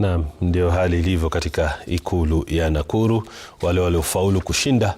Naam, ndio hali ilivyo katika ikulu ya Nakuru. Wale waliofaulu kushinda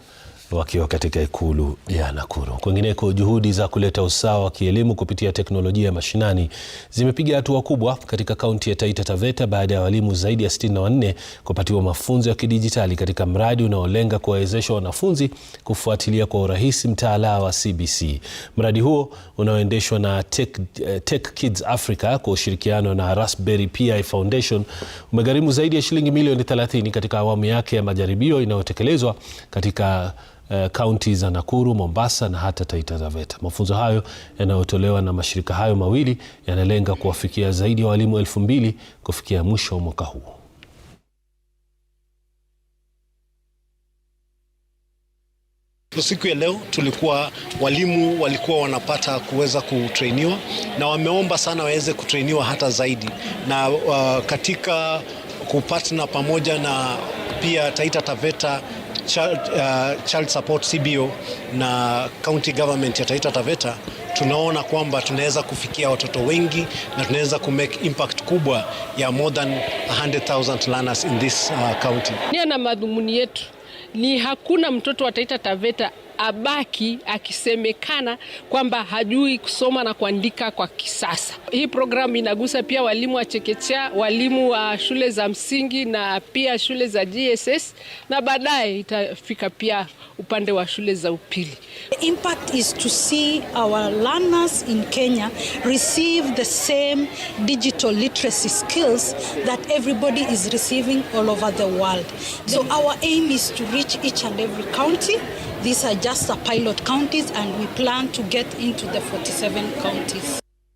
wakiwa katika ikulu ya Nakuru. Kwingineko, juhudi za kuleta usawa wa kielimu kupitia teknolojia ya mashinani zimepiga hatua kubwa katika kaunti ya Taita Taveta baada ya walimu zaidi ya 64 kupatiwa mafunzo ya kidijitali katika mradi unaolenga kuwawezesha wanafunzi kufuatilia kwa urahisi mtaala wa CBC. Mradi huo unaoendeshwa na Tech, eh, Tech Kids Africa kwa ushirikiano na Raspberry Pi Foundation umegharimu zaidi ya shilingi milioni 30 katika awamu yake ya majaribio inayotekelezwa katika Eh, kaunti za Nakuru, Mombasa na hata Taita Taveta. Mafunzo hayo yanayotolewa na mashirika hayo mawili yanalenga kuwafikia zaidi ya walimu elfu mbili kufikia mwisho wa mwaka huu. Siku ya leo tulikuwa walimu walikuwa wanapata kuweza kutrainiwa na wameomba sana waweze kutrainiwa hata zaidi na uh, katika kupatna pamoja na pia Taita Taveta Child, uh, Child Support CBO na county government ya Taita Taveta tunaona kwamba tunaweza kufikia watoto wengi na tunaweza ku make impact kubwa ya more than 100,000 learners in this uh, county. Nia na madhumuni yetu ni hakuna mtoto wa Taita Taveta abaki akisemekana kwamba hajui kusoma na kuandika kwa kisasa. Hii programu inagusa pia walimu wa chekechea, walimu wa shule za msingi na pia shule za GSS na baadaye itafika pia upande wa shule za upili. The impact is to see our learners in Kenya receive the same digital literacy skills that everybody is receiving all over the world. So our aim is to reach reach each and every county. These are just the pilot counties and we plan to get into the 47 counties.